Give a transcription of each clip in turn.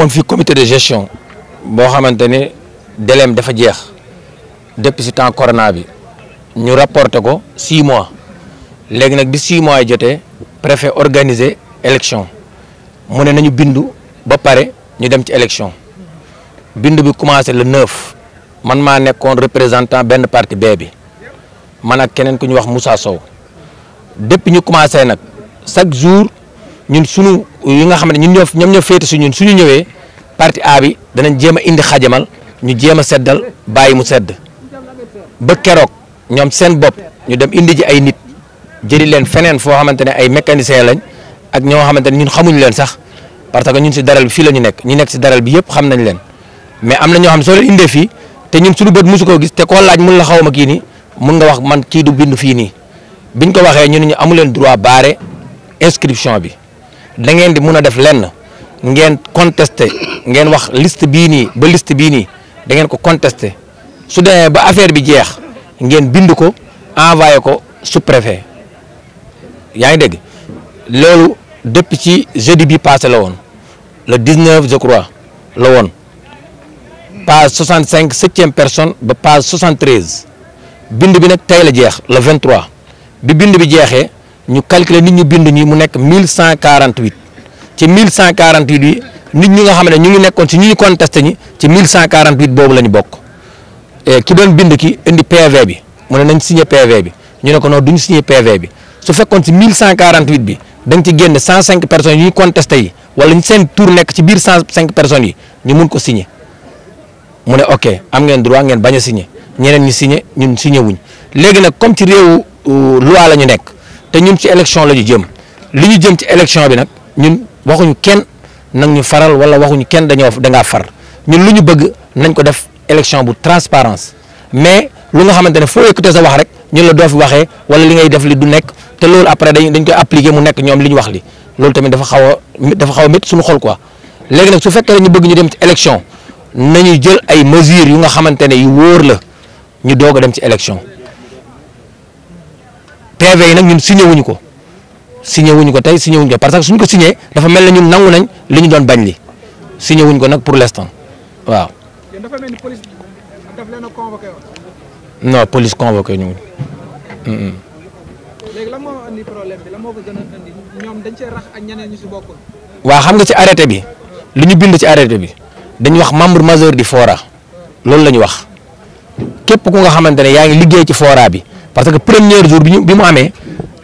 amoon fii comité de gestion boo xamante ne délai dafa jeex depuis si temps corona bi ñu rapporté ko six mois léegi nag bi six mois yi jotee préfet organiser élection mu ne nañu bindu ba pare ñu dem ci élection bindu bi commencé le neuf man maa nekkoon représentant benn parti bee bi man ak keneen ku ñu wax Moussa Sow depuis ñu commencé nag chaque jour. ñun suñu yi nga xam ne ñun ñoo ñoom ñoo féete su ñun suñu ñëwee parti A bi danañ jéem a indi xajamal ñu jéem a seddal bàyyi mu sedd ba keroog ñoom seen bopp ñu dem indi ji ay nit jëli leen feneen foo xamante ne ay mécanicien lañ ak ñoo xamante ne ñun xamuñu leen sax parce que ñun si daral bi fii la ñu nekk ñu nekk si daral bi yëpp xam nañ leen mais am na ñoo xam soo leen indee fii te ñun suñu bët mosu koo gis te koo laaj mun la xaw ma kii nii mun nga wax man kii du bind fii nii biñ ko waxee ñu ñu amu leen baare inscription bi da ngeen di mun a def lenn ngeen contesté ngeen wax liste bii nii ba liste bii nii da ngeen ko contesté su demee ba affaire bi jeex ngeen bind ko envoyé ko sous-préfet yaa ngi dégg loolu depuis ci jeudi bi passé la woon le 19 je crois la woon page cinq septième personne ba page 73 bind bi nag tey la jeex le 23 bi bind bi jeexee. ñu calculer nit ñu bind ñi mu nekk mille cent quarante huit ci mille cent quarante huit bi nit ñi nga xam ne ñu ngi nekkoon ci ñu ñu contesté ñi ci mille cent quarante huit boobu la bokk eh, ki doon bind ki indi bi mu ne nañ signé PV bi ñu ne ko non duñ PV bi su fekkoon ci mille cent quarante huit bi dañ ci génn cent cinq personnes yu contesté yi wala ñu seen tour nekk ci biir cent cinq personnes yi ñu mun ko signé mu ne ok am ngeen droit ngeen bañ a signé ñeneen ñu signé ñun signé wuñ léegi nag comme ci réewu euh, loi la ñu nekk. te ñun ci élection la ñu jëm li ñu jëm ci élection bi nag ñun waxuñu kenn nag ñu faral wala waxuñu kenn dañoo dangaa far ñun lu ñu bëgg nañ ko def élection bu transparence mais lu nga xamante ne foo écouté sa wax rek ñun la doo fi waxee wala li ngay def li du nekk te loolu après dañ dañ koy appliquer mu nekk ñoom li ñu wax li loolu tamit dafa xaw a xaw a suñu xol quoi léegi nag su fekkee ñu bëgg ñu dem ci élection nañu jël ay mesures yu nga xamante ne wóor la ñu doog dem ci élection PV yi nag ñun signé wuñ ko signé wuñu ko tey signé wuñu ko parce que suñ ko signé dafa mel na ñun nangu nañ li ñu doon bañ li signé wuñ ko nag pour l'instant waaw. dafa mel ni police daf leen a ñu wuñ. xam nga ci arrêté bi lu ñu bind ci arrêté bi dañu wax membre majeur di fora loolu la ñu wax képp ku nga xamante ne yaa ngi liggéey ci fora bi. parce que premier jour bi ñu bi mu amee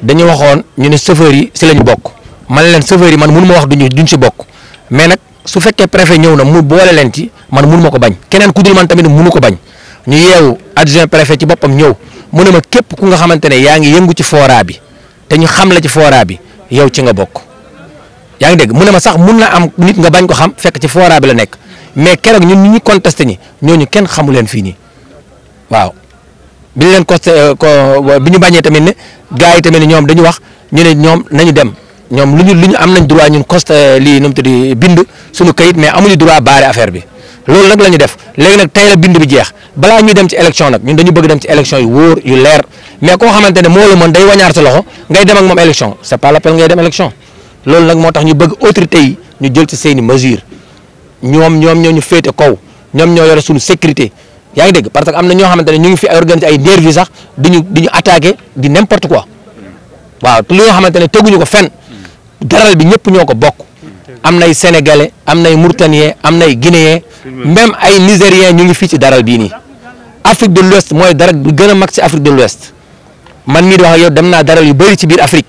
dañu waxoon ñu ne chauffeurs yi si la bokk man leen chauffeurs yi man mënu ma wax duñu duñ si bokk mais nag su fekkee préfet ñëw na mu boole leen ci man mënu ma ko bañ keneen ku dul man tamit mënu ko bañ ñu yeewu adjoint préfet ci boppam ñëw mu ne ma képp ku nga xamante ne yaa ngi yëngu ci fora bi te ñu xam la ci fora bi yow ci nga bokk yaa ngi dégg mun ne ma sax mun na am nit nga bañ ko xam fekk ci fora bi la nekk mais keroog ñun ñu ñu contesté ñi ñooñu kenn xamu leen fii nii waaw bi ñu leen costé euh, bi ñu bañee tamit ne gars yi tamit ne ñoom dañu wax ñu ne ñoom nañu dem ñoom lu ñu lu ñu am nañ droit ñun costé euh, lii nu mu tudd bind suñu kayit mais amuñu droit baare affaire bi loolu nag la ñu def léegi nag tey la bind bi jeex balaa ñuy dem ci élection nag ñun dañu bëgg dem ci élection yu wóor yu leer mais koo xamante ne moo la mën day wañaar sa loxo ngay dem moom élection c'est pas l'appel ngay dem élection loolu nag moo tax ñu bëgg autorité yi ñu jël ci seeni mesure ñoom ñoom ñoo ñu féete kaw ñoom ñoo yore suñu sécurité yaa ngi dégg parce que am na ñoo xamante ne ñu ngi fi ay organiser ay nervi sax di ñu di ñu attaqué di n'importe quoi waaw li nga xamante ne teguñu ko fen daral bi ñëpp ñoo ko bokk am na ay sénégalais am nay mauritanien am ay guinéen même ay nigérien ñu ngi fii ci daral bii nii Afrique de l'Ouest mooy dara bi gën mag si Afrique de l'Ouest man mii di wax yow dem naa daral yu bëri ci biir Afrique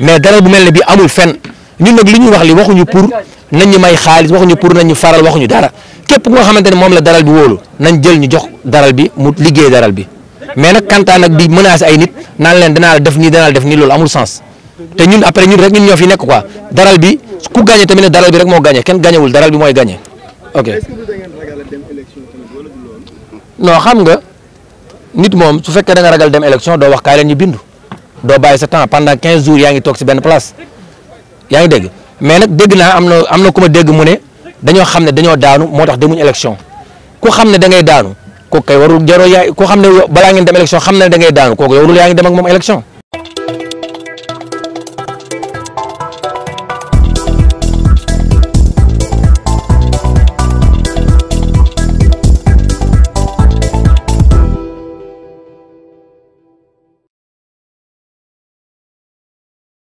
mais daral bu mel ne bii amul fen ñun nag li ñuy wax li waxuñu pour nañ ñu may xaalis waxuñu pour nañ ñu faral waxuñu dara képp nga xamante ne moom la daral bi wóolu nañ jël ñu jox daral bi mu liggéey daral bi mais nag kantaan nag di menacer ay nit naan leen danaa la def nii danaa la def nii loolu amul sens te ñun après ñun rek ñun ñoo fi nekk ko daral bi ku gagné tamit ne daral bi rek moo gagné kenn gagnéwul daral bi mooy gagné noo xam nga nit moom su fekkee da nga ragal dem élection doo wax kaay leen ñu bindu doo bàyyi sa temps pendant 15 jours yaa ngi toog si benn place yaa ngi dégg mais nag dégg naa am am na ku ma dégg mu ne. dañoo xam ne dañoo daanu moo tax demuñ élection ku xam ne da ngay daanu kooku kay warul jaroo yaay ku xam ne balaa ngeen dem élection xam ne da ngay daanu kooku yow warul yaa ngi dem moom élection